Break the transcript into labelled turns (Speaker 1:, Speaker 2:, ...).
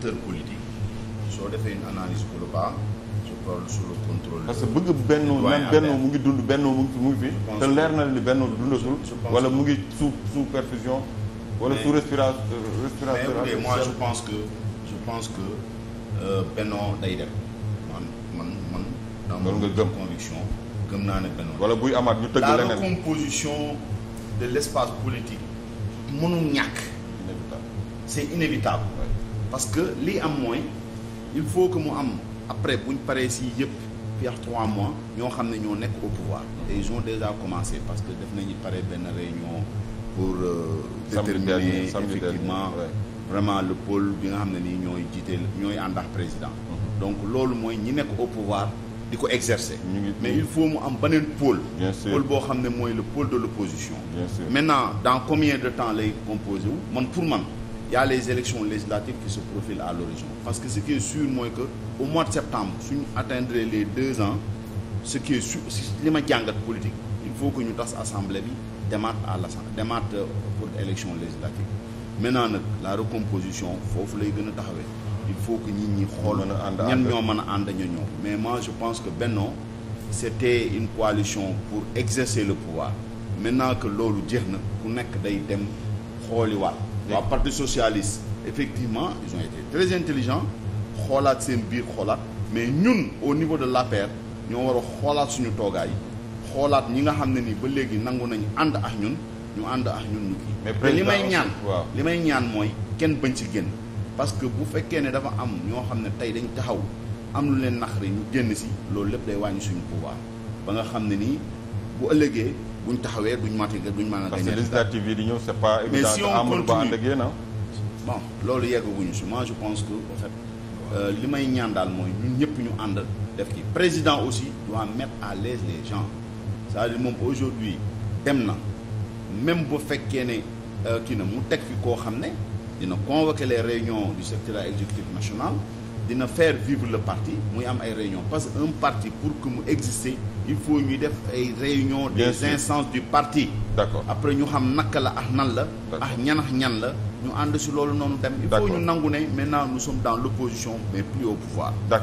Speaker 1: acteur politique soo defee une analyse globale je parle sous le contrôle. parce que bëgg benn même benn mu ngi dund benn mu ngi mu te leer na ni benn dundatul. wala mu ngi su sous perfusion. wala sous respira euh, respirateur. mais moi je pense que je pense que euh, Benno day dem man man man. naa ne Benno. wala buy amaat ñu tëgg leneen la recomposition de l' espace politique mënul ñàkk. c'est inévitable. parce que lii am mooy il faut que mu am après buñ paree si yëpp pierre trois mois ñoo xam ne ñoo nekk au pouvoir et ils ont déjà commencé parce que def nañu pare benn réunion pour euh, déterminer effectivement vraiment le pôle bi nga xam ne nii ñooy jiite ñooy ànd ak président mhm. donc loolu mooy ñi nekk au pouvoir di ko exercer mais il faut mu am beneen pôle pôle boo xam ne mooy le pôle de l'opposition maintenant dans combien de temps lay composé wu man pour man y a les élections législatives qui se profilent à l'horizon parce que ce qui est mooy que au mois de septembre suñu atteindre les deux ans ce qui est sûr li ma jàngat politique il faut que ñu tas assemblée bi demaat à l'assemblée demaat euh, pour élection législative maintenant nag la recomposition foofu lay gën a taxawee il faut que nit ñi xool ñan ñoo mën a ànd ñu ñëw mais moi je pense que Benno c'était une coalition pour exercer le pouvoir maintenant que loolu jeex na ku nekk day dem xooliwaat waa parti socialiste effectivement ils xoolaat seen biir xoolaat mais ñun au niveau de l'APR ñoo war a xoolaat suñu toogaay xoolaat ñi nga xam ne ni ba léegi nangu nañu ànd ak ñun ñu ànd ak ñun ñu kii mais li may ñaan li may ñaan mooy kenn bañ ci génn parce que bu fekkee ne dafa am ñoo xam ne tey dañ taxaw am lu leen naqari ñu génn si loolu lépp day wàññi suñu pouvoir ba nga xam ne nii bu ëllëgee buñ taxawee duñ mat duñ mën a. parce que législative yi di ñëw c'est pas évident. mais si on continue ah. bon loolu yeggaguñu si moi je pense que en fait euh, li may ñaan daal mooy ñun ñëpp ñu àndal def kii président aussi doit mettre à l'aise les gens c'est-à-dire moom aujourd'hui dem na même bu fekkee ne euh, kii na mu teg fi koo xam ne dina convoquer les réunions du secrétariat exécutif national. dina faire vivre le parti muy am ay réunion parce que un parti pour que mu exister il faut ñuy def ay réunion des instances du parti d'accord après ñu xam naka la ak nan la ak ñan ñan la ñu ànd si loolu noonu dem il faut ñu nangu ne maintenant nous sommes dans l'opposition mais plus au pouvoir